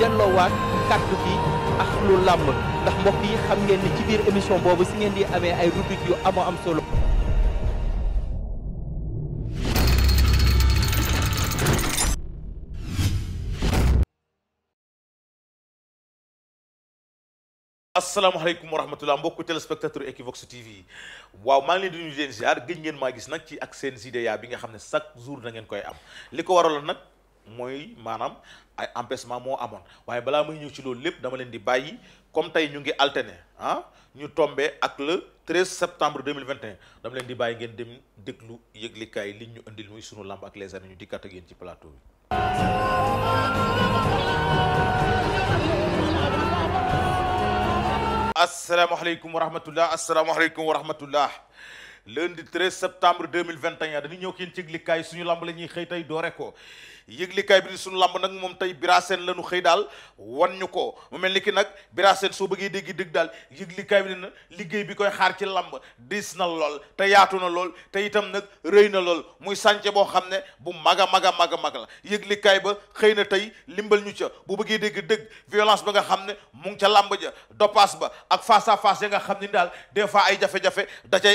delloowaat kàddu gi ak lu làmb ndax mbokk yi xam ngeen ni ci biir émission boobu si ngeen di amee ay rubrique yu amoo am solo. asalaamaaleykum wa rahmatulah mbokku téléspectateur Equivox TV waaw maa ngi leen di nuyu leen ziar gëj ngeen maa gis nag ci ak seen idéya bi nga xam ne chaque jour da ngeen koy am li ko waraloon nag. mooy maanaam ay empêchement moo amoon waaye balaa muy ñëw ci loolu lépp dama leen di bàyyi comme tey ñu ngi altene ah ñu tombe ak le 13 septembre 2021 dama leen di bàyyi ngeen dem déglu yëglikaay li ñu indil muy sunu lamb ak les années ñu dikkaat ak yéen ci plateau bi. asalaamaaleykum wa rahmatulah asalaamaaleykum wa rahmatulah. lundi 13 septembre 2021 dañu ñëw kii ci yëglikaay suñu làmb la ñuy xëy tey doore ko. yëglikaay bi di sunu lamb nag moom tey biraseen lañu xëy daal wan ñu ko mu mel ni ki nag biraseen soo bëggee dégg dëgg daal yëglikaay bi dina liggéey bi koy xaar ci lamb diis na lool te yaatu na lool te itam nag rëy na lool muy sànce boo xam ne bu mag a mag a mag a mag la yëglikaay ba xëy na tey limbal ñu ca bu bëggee dégg dëgg violence ba nga xam ne mu ngi ca lamb ja dopaas ba ak face à ya nga xam ne daal des fois ay jafe-jafe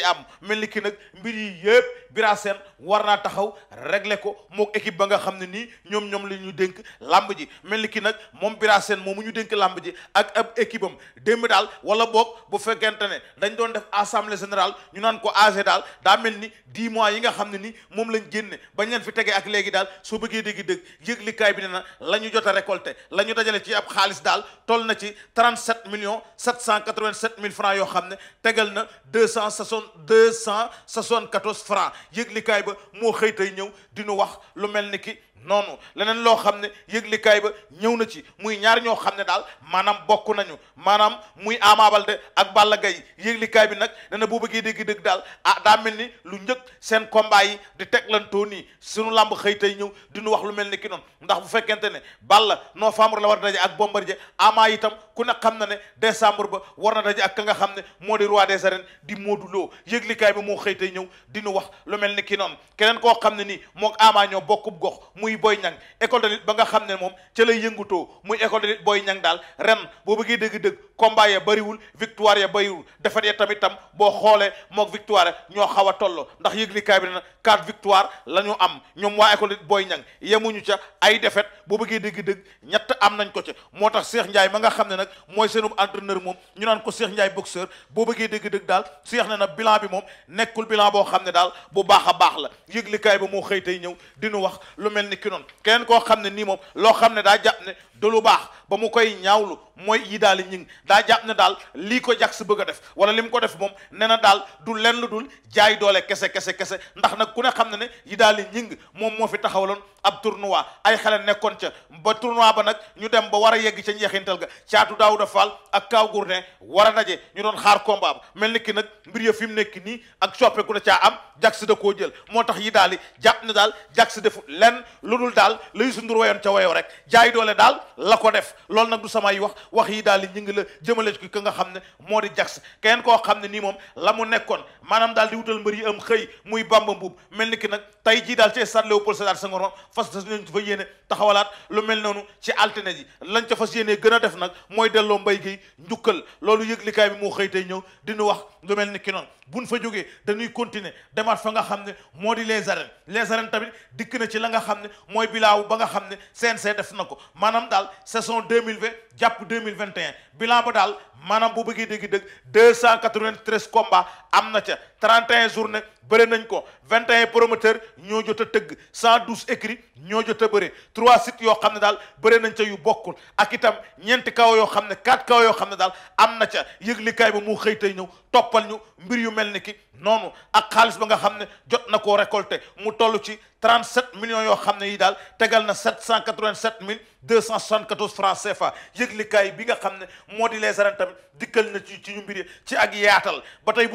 am mel ni nag mbir yi yëpp biraseen war naa taxaw régler ko mook équipe ba nga xam ne nii nii ñoom ñoom li ñu dénk làmb ji mel ni ki nag moom Bira Sène moom mu ñu dénk làmb ji ak ab équipe démb daal wala boog bu fekkente ne dañ doon def assemblée générale ñu naan ko AG daal daa mel ni dix mois yi nga xam ne ni moom lañ génne bañ leen fi tegee ak léegi daal soo bëggee dégg dëgg yëglikaay bi ne na la ñu jot a récolté la ñu dajale ci ab xaalis daal toll na ci million 37 millions 787 mille francs yoo xam ne tegal na 260 274 francs yëglikaay ba moo xëy tey ñëw di nu wax lu mel ni ki noonu leneen loo xam ne yëglikaay ba ñëw na ci muy ñaar ñoo xam ne daal maanaam bokk nañu maanaam muy Ama Baldé ak Balla Gaye yëglikaay bi nag dana boo bëggee dégg-dëgg daal ah daa mel ni lu njëkk seen combat yi di teglantoo nii sunu làmb xëy tey ñëw di nu wax lu mel ni ki noonu ndax bu fekkente ne Balla novembre la war a daje ak Bombardier Ama itam ku ne xam na ne décembre ba war na daje ak ka nga xam ne moo di roi des arènes di Modou Lo bi moo xëy tey ñëw dinu wax lu mel ni ki noonu keneen koo xam ne nii moog Ama ñoo bokkub gox muy Boy Niang école de ba nga xam ne moom ca lay yëngutoo muy école de lutte Boy Niang daal ren boo bëggee dëgg-dëgg combat ya bëriwul victoire ya bëriwul defet ya tamit tam boo xoolee mook victoire ñoo xaw a tolloo ndax yëglikaay bi ne na quatre victoire la ñu am ñoom waa école booy Niang yemuñu ca ay defet boo bëggee dëgg-dëgg ñett am nañ ko ca moo tax Cheikh Ndiaye ma nga xam ne nag mooy seenub entraîneur moom ñu naan ko Cheikh Ndiaye boxeur boo bëggee dëgg-dëgg daal Cheikh ne na bilan bi moom nekkul bilan boo xam ne daal bu baax a baax la yëglikaay bi moo xëy tey ñëw dinu wax lu mel ni ki keneen koo xam ne nii moom loo xam ne daa jàpp ne du lu baax ba mu koy ñaawlu mooy yi daal ñing daa jàpp ne daal lii ko jax si bëgg a def wala li mu ko def moom nee na daal du lenn lu dul jaay doole kese kese kese ndax nag ku ne xam ne ne yi daal ñing moom moo fi taxawaloon ab tournoi ay xale nekkoon ca ba tournoi ba nag ñu dem ba war a yegg ca njeexintal ga caatu Daawuda Fall ak Kaaw Gourne war a daje ñu doon xaar combat mel ni ki nag mbir ya fi mu nekk nii ak soppeeku da caa am jax da koo jël moo tax yi daal jàpp ne daal jax defu lenn lu dul daal la Youssou Ndour wayoon rek jaay doole daal la ko def loolu nag du samay wax wax yi daal di ñu ngi la jëmale ci ki nga xam ne moo di Jax keneen koo xam ne nii moom la mu nekkoon maanaam daal di wutal mbër am xëy muy Bamba Mbuub mel ni ki nag tey jii daal ci stade Léopold Sédar Senghor fas nañ fa yéene taxawalaat lu mel noonu ci altine ji lañ ca fas yéene gën a def nag mooy delloo mbay gi njukkal loolu yëglikaay bi moo xëy tey ñëw di ñu wax lu mel ni ki noonu buñ fa jógee dañuy continuer demaat fa nga xam ne moo di les arènes les arènes tamit dikk na ci la nga xam ne mooy bilaaw ba nga xam ne CNC def na ko maanaam daal saison deux mille vingt jàpp deux mille vingt et un ba daal maanaam bu bëggee dégg dëgg deux cent quatre-vingt-treize combats am na ca 31 journée bëre nañ ko vingt 21 promoteur ñoo jot a tëgg 112 écrits ñoo jot a bëre 3 sites yoo xam ne daal bëre nañ ca yu bokkul ak itam ñeenti kaw yoo xam ne 4 kaw yoo xam ne daal am na ca yëglikaay ba mu xëy tey ñëw toppal ñu mbir yu mel ni ki noonu ak xaalis ba nga xam ne jot na koo récolté mu toll ci 37 million yoo xam ne yii daal tegal na 787 mille 274 francs CFA yëglikaay bi nga xam ne moo di les arènes tamit dikkal na ci ci ñu mbir ci ak yaatal ba tey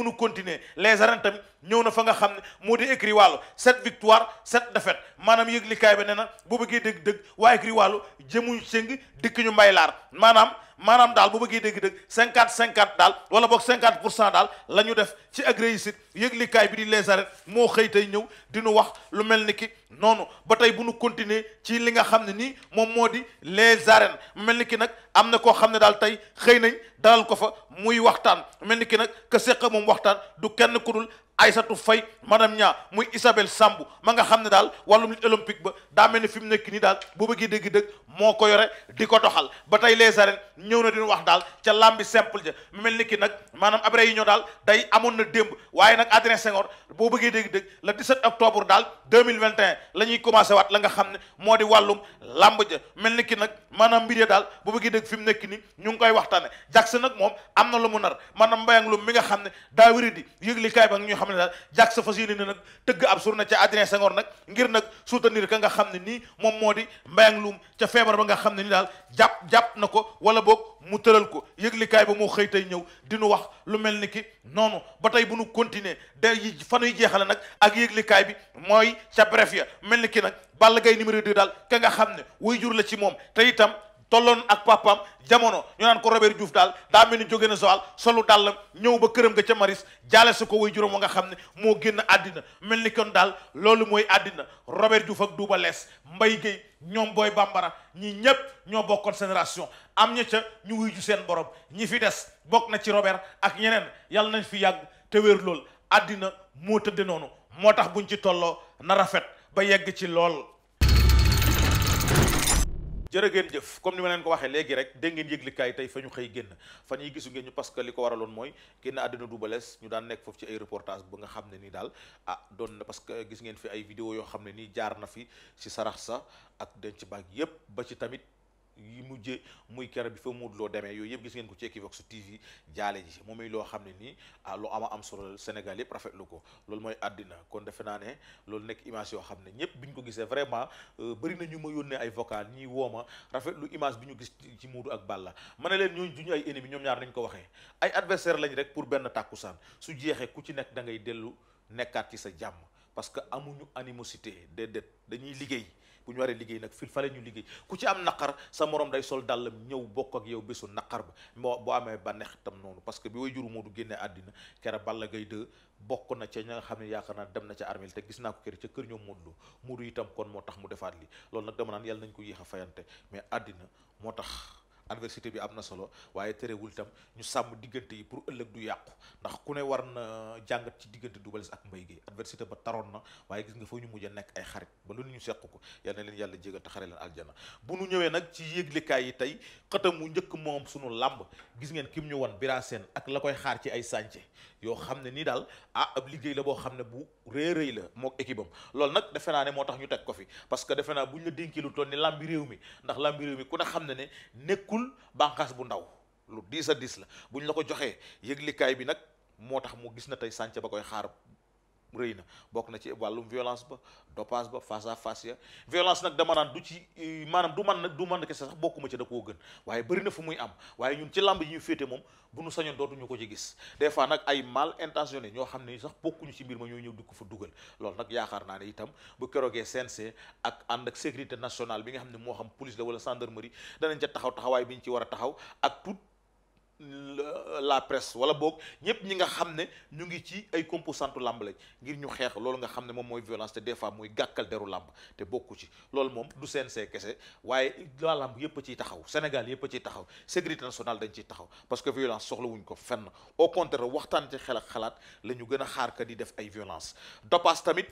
César tamit ñëw na fa nga xam ne moo di écrit wàllu sept victoire sept défaite maanaam yëglikaay bi nee na bu bëggee dëgg-dëgg waa écrit wàllu jëmuñ sëng dikk ñu mbay laar maanaam maanaam daal bu bëggee dëgg-dëgg cinquante cinquante daal wala boog cinquante pour cent daal lañu def ci ak réussite yëglikaay bi di les arènes moo xëy tey ñëw dinu wax lu mel ni ki noonu ba tey bu nu continuer ci li nga xam ne nii moom moo di les arènes mel ni ki nag am na koo xam ne daal tey xëy nañ dalal ko fa muy waxtaan mel ni ki nag que moom waxtaan du kenn ku ay Aysatu Fay madame ña muy Isabelle Samb ma nga xam ne daal wàllum olympique ba daa mel ni fi mu nekk nii daal bu bëggee dëgg-dëgg moo ko yore di ko doxal ba tey les arènes ñëw na dina wax daal ca lambi simple ja mel ni kii nag maanaam yi réunion daal day amoon na démb waaye nag Adrien Senghor boo bëggee dëgg-dëgg le 17 octobre daal 2021 la ñuy commencé waat la nga xam ne moo di wàllum lamb ja mel ni ki nag maanaam mbir ya daal bu bëggee dëgg fi mu nekk nii ñu ngi koy waxtaane Jackson nag moom am na lu mu nar maanaam mbayang lu mi nga xam ne daa xam ne daal jàk sa fas yéene ne nag tëgg ab surna ca Adrien Senghor nag ngir nag soutenir ka nga xam ne nii moom moo di mbayang luum ca feebar ba nga xam ne ni daal jàpp jàpp na ko wala boog mu tëral ko yëglikaay ba moo xëy tey ñëw dinu wax lu mel ni ki noonu ba tey bu nu continuer day yi fanuy jeexale nag ak yëglikaay bi mooy ca bref ya mel ni ki nag Balla Gaye numéro 2 daal ka nga xam ne way jur la ci moom te itam tolloon ak papam jamono ñu naan ko Robert Diouf daal daa mel ni jóge na Joal solu dàllam ñëw ba këram nga ca Maris jaale su ko way juróom wa nga xam ne moo génn àddina mel ni kon daal loolu mooy àddina Robert Diouf ak Double Less mbay Gueye ñoom booy Bambara ñii ñépp ñoo bokkoon sénération am ña ca ñu wuy ju seen borom ñi fi des bokk na ci Robert ak yeneen yàlla nañ fi yàgg te wér lool àddina moo tëdde noonu moo tax buñ ci tolloo na rafet ba yegg ci lool jërë ngeen jëf comme ni ma leen ko waxee léegi rek dégg ngeen yëglikaay tey fa ñu xëy génn fan yi gisu ngeen ñu parce que li ko waraloon mooy génn àddina Double Less ñu daan nekk foofu ci ay reportage ba nga xam ne ni daal ah doon na parce que gis ngeen fi ay vidéo yoo xam ne nii jaar na fi si sarax sa ak denc baag yépp ba ci tamit yi mujje muy kera bi fa muut loo demee yooyu yëpp gis ngeen ko ci Equivox TV jaale ji moom muy loo xam ne nii ah lu ama am solo Sénégal yëpp rafetlu ko loolu mooy àddina kon defe naa ne loolu nekk image yoo xam ne ñëpp bi ñu ko gisee vraiment euh, bëri na ñu ma yónnee ay vocal ñiy wooma rafetlu image bi ñu gis ci Modou ak Balla ma ne leen ñooñu du ñu ay ennemis ñoom ñaar nañ ko waxee ay adversaire lañ rek pour benn tàkkusaan su jeexee ku ci nekk dangay dellu nekkaat ci sa jàmm parce que amuñu animosité déedéet dañuy liggéey bu ñu waree liggéey nag fil fale ñu liggéey ku ci am naqar sa morom day sol dàllam ñëw bokk ak yow bésu naqar ba moo boo amee bànneex tam noonu parce que bi way juru moo du génnee àddina kere Balla Gaye 2 bokk na ca ña nga xam ne yaakaar naa dem na ca armel te gis naa ko kër ca kër ñoom Modou Lo Modou itam kon moo tax mu defaat li loolu nag dama naan yàlla nañ ko yéex a fayante mais àddina moo tax adversité bi am na solo waaye terewul tam ñu sàmm diggante yi pour ëllëg du yàqu ndax ku ne war na jàngat ci diggante Double Less ak Mbaye Guèye adversité ba taroon na waaye gis nga fa ñu mujj a nekk ay xarit ba lu ñu sequ ko yal na leen yàlla jégal te xare leen aljana bu nu ñëwee nag ci yëglikaay yi tey xëtam mu njëkk moom sunu làmb gis ngeen kim ñu won Bira Sène ak la koy xaar ci ay sànce yoo xam ne nii daal ah ab liggéey la boo xam ne bu rëy rëy la moo équipe am loolu nag defe naa ne moo tax ñu teg ko fi parce que defe naa bu ñu la dénkee lu toll ni làmbi réew mi ndax làmbi mi ku ne xam ne ne nekkul bànqaas bu ndaw lu diis a diis la bu ñu la ko joxee yëglikaay bi nag moo tax mu gis na tey sànce ba koy xaar rëy na bokk na ci wàllum violence ba dopage ba face à ya violence nag dama naan du ci euh, maanaam du man du man na kese sax bokkuma ci da koo gën waaye bëri na muy am waaye ñun ci làmb yi ñu féete moom bu ñu sañoon dootuñu ko ci gis des fois nag ay mal intentionné ñoo xam ne sax bokkuñu ci mbir ma ñoo ñëw di ko fa dugal loolu nag yaakaar naa ne itam bu keroogee CNG ak ànd ak sécurité nationale bi nga xam ne moo xam police la wala gendarmerie danañ ca taxaw taxawaay a taxaw la presse wala boog ñëpp ñi nga xam ne ñu ngi ci ay composantu làmb lañ ngir ñu xeex loolu nga xam ne moom mooy violence te des fois muy gàkkal deru làmb te bokku ci loolu moom du see kese waaye la làmb yëpp a ciy taxaw Sénégal yëpp a ciy taxaw sécurité nationale dañ ciy taxaw parce que violence soxlawuñ ko fenn au contraire waxtaan ci xel ak xalaat la ñu gën a xaar ka di def ay violence dopage tamit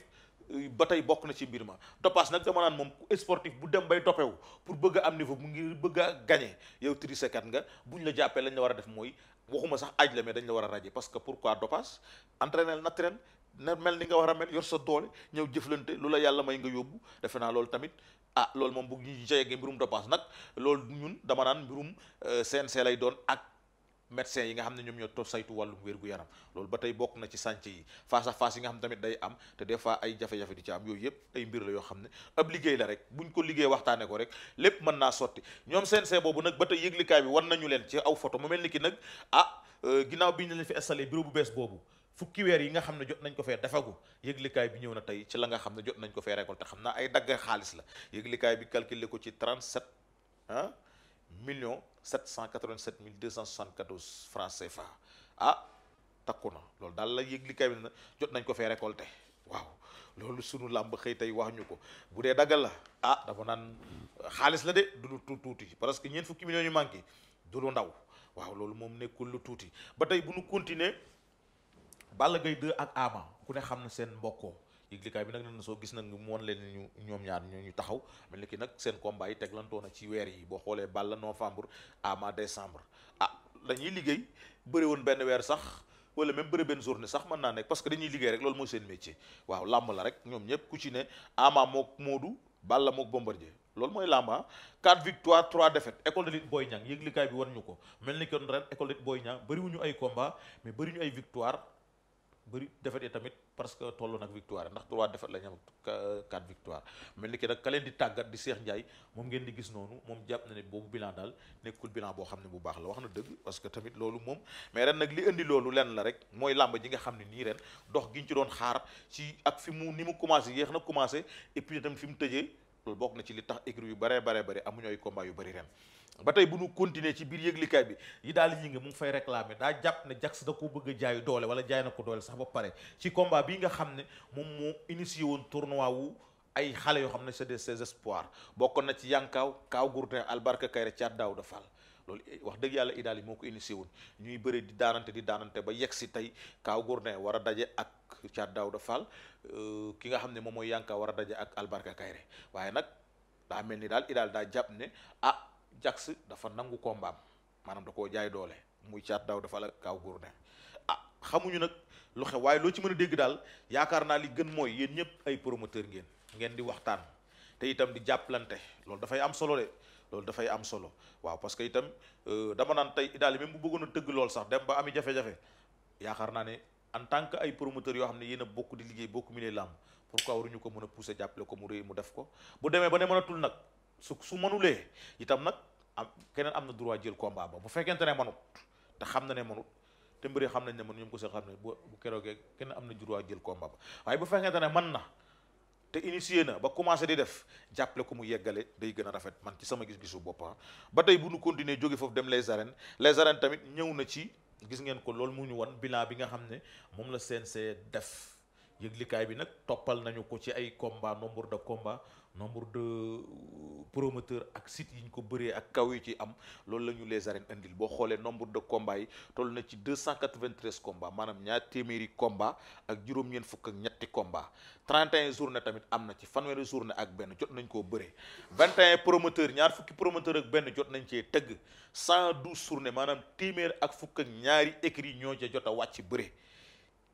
ba tey bokk na ci mbir ma doppaas nag dama naan moom sportif bu dem bay doppewu pour bëgg a am niveau mu ngi bëgg a gagné yow trisekat nga buñ la jàppee lañ la war a def mooy waxuma sax aj la mais la war a raje parce que pourquoi doppaas entraînel naturel na mel ni nga war a mel yor sa doole ñëw jëflante lu la yàlla may nga yóbbu defe naa loolu tamit ah loolu moom bu ñu jegee mbirum doppaas nag loolu ñun dama naan mbirum CNC euh, lay doon ak médecins yi nga xam ne ñoom ñoo toog saytu wàllum wér-gu-yaram loolu ba tey bokk na ci sànc yi face à yi nga xam tamit day am te des fois ay jafe-jafe di ci am yooyu yëpp ay mbir la yoo xam ne ab liggéey la rek buñ ko liggéey waxtaane ko rek lépp mën naa sotti ñoom CNG boobu nag ba tey yëglikaay bi war nañu leen ci aw photo mu mel ni ki nag ah euh, ginnaaw bi ñu leen fi installé bureau bu bees boobu fukki weer yi nga xam ne jot nañ ko fee defagu yëglikaay bi ñëw na tey ci la nga xam ne jot nañ ko fee récolté xam naa ay dagg xaalis la yëglikaay bi calculé ko ci 37 ah millions 787 274 francs CFA ah takku na loolu daal la yëg li kay na jot nañ ko fee récolté waaw loolu sunu làmb xëy tey wax ñu ko bu dee daggal la ah dafa naan xaalis la de du lu tuuti tuuti parce que ñeent fukki millions yu manqué du lu ndaw waaw loolu moom nekkul lu tuuti ba tey bu nu continuer Balla Gaye 2 ak Ama ku ne xam na seen mbokkoo yëglikaay bi nag nee na soo gis nag mu moom leen ñu ñoom ñaar ñu ñu taxaw mel ni ki nag seen combat yi teglantoo na ci weer yi boo xoolee Balla novembre Ama décembre ah, a dañuy liggéey bëri woon benn weer sax wala même bëri benn journée sax mën naa nekk parce que dañuy liggéey rek loolu mooy seen métier waaw làmb la rek ñoom ñëpp ku ci ne Ama mook Modou Balla mook Bombardier loolu mooy làmba ah. 4 victoires 3 défaites école de lutte Boy Niang yëglikaay bi wan ñu ko mel ni kon ren école de lutte Boy Niang bëriwuñu ay combat mais bëriñu ay victoire bëri defet tamit parce que tolloo nag victoire ndax trois defet la ñu am quatre victoire mel ki nag leen di tàggat di Cheikh Ndiaye moom ngeen di gis noonu moom jàpp na ne boobu bilan daal nekkul bilan boo xam ne bu baax la wax na dëgg parce que tamit loolu moom mais ren nag li indi loolu lenn la rek mooy làmba ji nga xam ne nii ren dox gi giñ ci doon xaar ci ak fi mu ni mu commencé yéex na commencé et puis tamit fi mu tëjee loolu bokk na ci li tax écurie yu baree baree bëri amuñu ay yu bëri ren ba tey bu ñu continuer ci biir yëglikaay bi yi daal yi nga mu ngi fay réclamer daa jàpp ne Jax da ko bëgg a doole wala jaay na ko doole sax ba pare ci combat bi nga xam ne moom moo initié woon tournoi wu ay xale yoo xam ne c'est des espoirs bokkoon na ci yankaaw kaaw gourdin albarka kayre caat daaw da fall loolu eh, wax dëgg yàlla idaal yi moo ko initié woon ñuy bëre di daanante di daanante ba yegg si tey kaaw gourdin war a daje ak caat daaw da fall euh, ki nga xam ne moom mooy yankaaw war a daje ak albarka kayre waaye nag daa mel ni daal idaal daa jàpp ne ah Jax dafa nangu mbaam maanaam da koo jaay doole muy caat daaw dafa la kaaw góor ne ah xamuñu nag lu xew waaye loo ci mën a dégg daal yaakaar naa li gën mooy yéen ñëpp ay promoteur ngeen ngeen di waxtaan te itam di jàppalante loolu dafay am solo de loolu dafay am solo waaw parce que itam euh, dama naan tey daal même bu bëggoon a tëgg lool sax dem ba ami jafe-jafe yaakaar naa ne en tant que ay promoteurs yoo xam ne yéen a bokk di liggéey bokk milieu làmb pourquoi waruñu ko mën a pousser jàppale ko mu réy mu def ko bu demee ba ne nag su su mënulee itam nag am keneen am na droit jël combat ba bu fekkente ne manut te xam na ne manut te mbëri xam nañ ne man ñoom ko seen xam ne bu keroogee keneen am na droit jël combat ba waaye bu fekkente ne man na te initié na ba commencé di def jàppale ko mu yeggale day gën a rafet man ci sama gis-gisu boppa ah. ba tey bu nu continuer jóge foofu dem les arènes les arènes tamit ñëw na ci gis ngeen ko loolu mu ñu wan bilan bi nga xam ne moom la seen CNC def yëglikaay bi nag toppal nañu ko ci ay combat nombre de combat nombre de promoteur ak site yi ñu ko bëree ak kaw yi ci am loolu la ñu les arènes indil boo xoolee nombre de combats yi toll na ci 293 combats maanaam ñaar téeméeri combat ak juróom-ñeent fukk ak ñetti combat 31 journée tamit am na ci fanweeri journée ak benn jot nañ koo bëree 21 promoteur ñaar fukki promoteur ak benn jot nañ cee tëgg 112 journée maanaam téeméer ak fukk ak ñaari écrits ñoo ca jot a wàcc bëree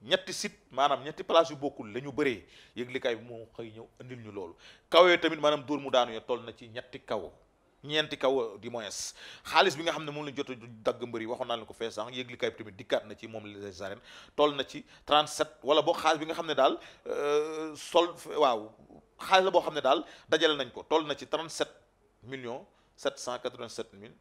ñetti site maanaam ñetti place yu bokkul la ñu bëree yëglikaay bi moo xëy ñëw andil ñu loolu kaw yooyu tamit maanaam dóor mu daanu ya toll na ci ñetti kaw ñeenti kaw di moins xaalis bi nga xam ne moom lañ jot dagg mbër yi waxoon naa leen ko fee sànq yëglikaay bi tamit dikkaat na ci moom les arènes toll na ci 37 wala boo xaalis bi nga xam ne daal euh, sol waaw xaalis la boo xam ne daal dajale nañ ko toll na ci 37 millions 787 mille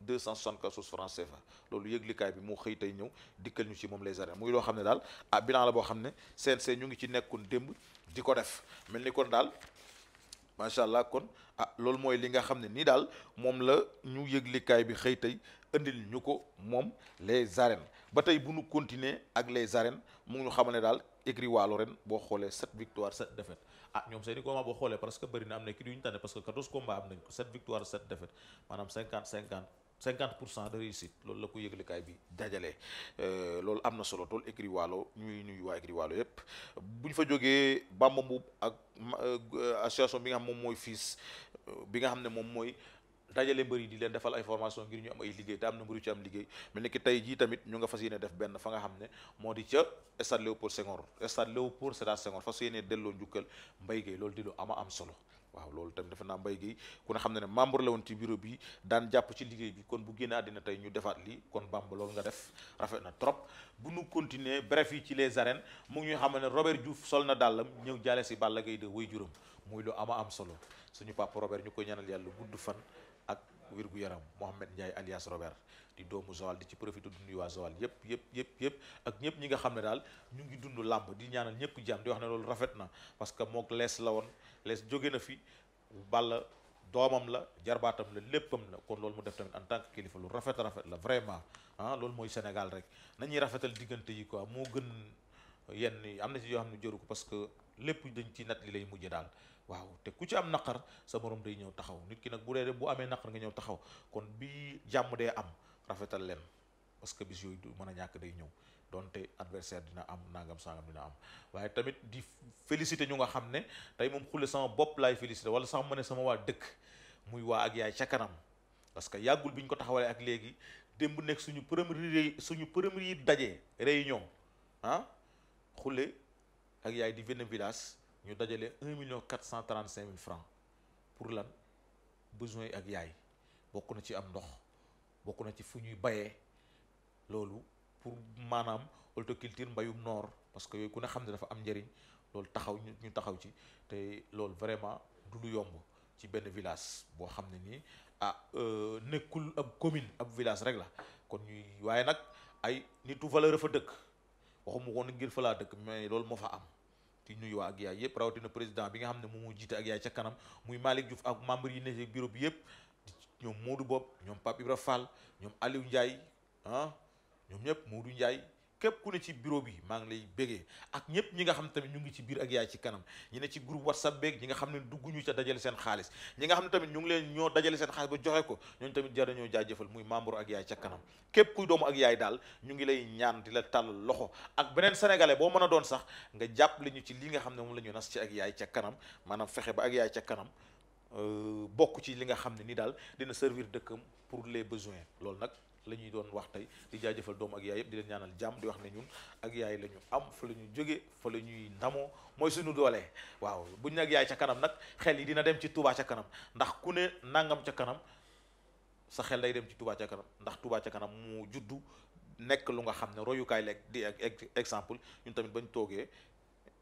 deux cent soixante-quatorze francs loolu yëglikaay bi moo xëy tey ñëw dikkal ñu ci moom les arènes muy loo xam ne daal ah bilan la boo xam ne CNC ñu ngi ci nekkoon démb di ko def mel ni kon daal macha allah kon ah loolu mooy li nga xam ne nii daal moom la ñu yëglikaay bi xëy tey indil ñu ko moom les arènes ba tey bu ñu continuer ak les arènes mu ñu xamal ne daal écrit waalo ren boo xoolee sept victoire sept défaite ah ñoom seeni combat boo xoolee parce que bëri maanaam cinquante cinquante cinquante pour cent de réussite loolu la ko yëglekaay bi dajale euh, loolu am na solo tool écrit waalo ñuy nuyu waa écrit waalo yépp bu ñu fa jógee Bamba Mbuub ak euh, association bi nga xam moom mooy fiis euh, bi nga xam ne moom mooy dajale mbër yi di leen defal ay formation ngir ñu am ay liggéey te am na mbëru ci am liggéey mais nekk tey jii tamit ñu nga fas yéene def benn fa nga xam ne moo di ca stade Léopold Senghor stade Léopold Sédar Senghor fas yéene delloo njukkal Mbaye Guèye loolu di lu ama am solo waaw loolu tamit dafa naa mbay gi ku ne xam ne ne membre la woon ci bureau bi daan jàpp ci liggéey bi kon bu génne àddina tey ñu defaat li kon Bamba loolu nga def rafet na trop bu nu continuer bref yi ci les arènes mu ngi xam ne Robert Diouf sol na dàllam ñëw jaale si Balla Gaye de way juróom muy lu ama am solo suñu papa Robert ñu koy ñaanal yàlla gudd fan wér-gu-yaram Mohamed Ndiaye alias Robert di doomu Joal di ci profité dund waa Joal yëpp yëpp yëpp yëpp ak ñëpp ñi nga xam ne daal ñu ngi dund làmb di ñaanal ñëpp jàmm di wax ne loolu rafet na parce que mook lees la woon lees jóge na fi Balla doomam la jarbaatam la léppam la kon loolu mu def tamit en tant kilifa lu rafet rafet la vraiment ah, loolu mooy Sénégal rek nañuy rafetal diggante yi quoi moo gën yenn am na ci yoo xam ne jëru ko parce lépp dañ ci nat li lay mujj daal waaw te ku ci am naqar sa morom day ñëw taxaw nit ki nag bu dee bu amee naqar nga ñëw taxaw kon bi jàmm dee am rafetal leen parce que bis yooyu du mën a ñàkk day ñëw donte adversaire dina am nangam sangam dina am waaye tamit di félicité ñu nga xam ne tey moom xule sama bopp laay félicité wala sax ma ne sama waa dëkk muy waa ak yaay ca kanam parce que yàggul bi ñu ko taxawalee ak léegi démb nekk suñu premier suñu premier daje réunion ah xule ak yaay di benn village ñu dajale un million quatre cent trente cinq mille francs pour lan besoin ak yaay bokk na ci am ndox bokk na ci fu ñuy bayee loolu pour maanaam culture mbayum noor parce que yooyu ku ne xam ne dafa am njariñ loolu taxaw ñu taxaw ci te loolu vraiment du lu yomb ci benn village boo xam ne nii ah euh, nekkul ab commune ab village rek la kon ñuy waaye nag ay nitu valeur fa dëkk waxuma woon ngir falaa laa dëkk mais loolu moo fa am ci nuyu waa ak yaay yëpp rawatina président bi nga xam ne moom moo jiite ak yaay ca muy Malick Diouf ak membre yi ne ci bureau bi yëpp ñoom Modou Bob ñoom Pape Ibra Fall ñoom Aliou Ndiaye ah ñoom ñëpp Modou Ndiaye képp ku ne ci bureau bi maa ngi lay bégee ak ñëpp ñi nga xam tamit ñu ngi ci biir ak yaay ci kanam ñi ne ci groupe whatsapp beeg ñi nga xam ne dugguñu ca dajale seen xaalis ñi nga xam ne tamit ñu ngi leen ñoo dajale seen xaalis ba joxe ko ñooñu tamit jar nañoo jaajëfal muy ak yaay ca kanam képp kuy doomu ak yaay daal ñu ngi lay ñaan di la tàll loxo ak beneen sénégalais boo mën a doon sax nga jàppale ñu ci li nga xam ne moom la ñu nas ci ak yaay ca kanam maanaam fexe ba ak yaay ca kanam euh, bokk ci li nga xam ne ni daal dina servir dëkkam pour les besoins loolu nag lañuy doon wax tey di jaajëfal doom ak yaay yëpp di leen ñaanal jàmm di wax ne ñun ak yaay la ñu am fa la ñu jóge fa la ñuy ndamoo mooy suñu doolee waaw buñ nag yaay ca kanam nag xel yi dina dem ci Touba ca kanam ndax ku ne nangam ca kanam sa day dem ci Touba ca kanam ndax Touba ca kanam mu juddu nekk lu nga xam ne royukaay lekk di e-, e-, exemple ñun tamit bañ toogee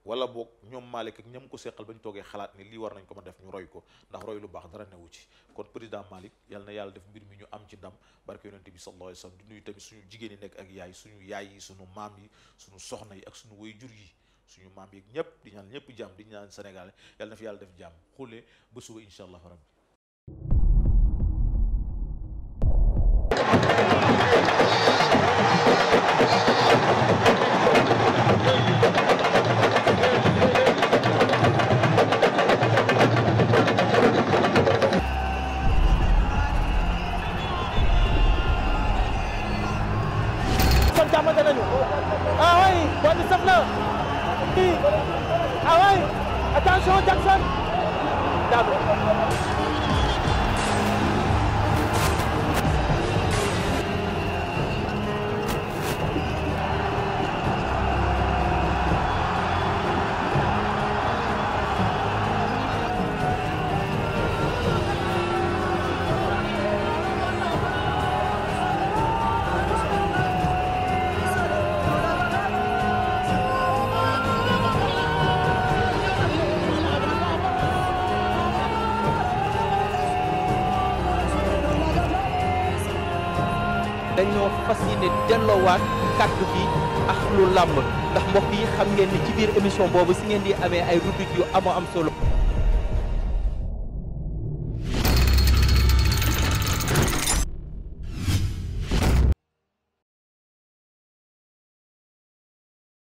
wala boog ñoom Malick ak ñam ko seqal ba ñu toogee xalaat ni lii war nañ ko ma def ñu roy ko ndax roy lu baax dara newu ci kon président Malick yal na yàlla def mbir mi ñu am ci ndam barke yonente bi sallallahu alayhi wasallam di nuyu tamit nekk ak yaay su suñu yaay yi suñu maam yi suñu soxna yi ak suñu jur yi suñu maam yi ñëpp di ñaan ñëpp jàmm di ñaan Sénégal yal na fi yàlla def jàmm xule ba suba incha allah rabbi dañoo fas yéene delloowaat kàddu gi ak lu làmb ndax mbokk yi xam ngeen ci biir émission boobu si ngeen di amee ay rubrique yu amoo am solo.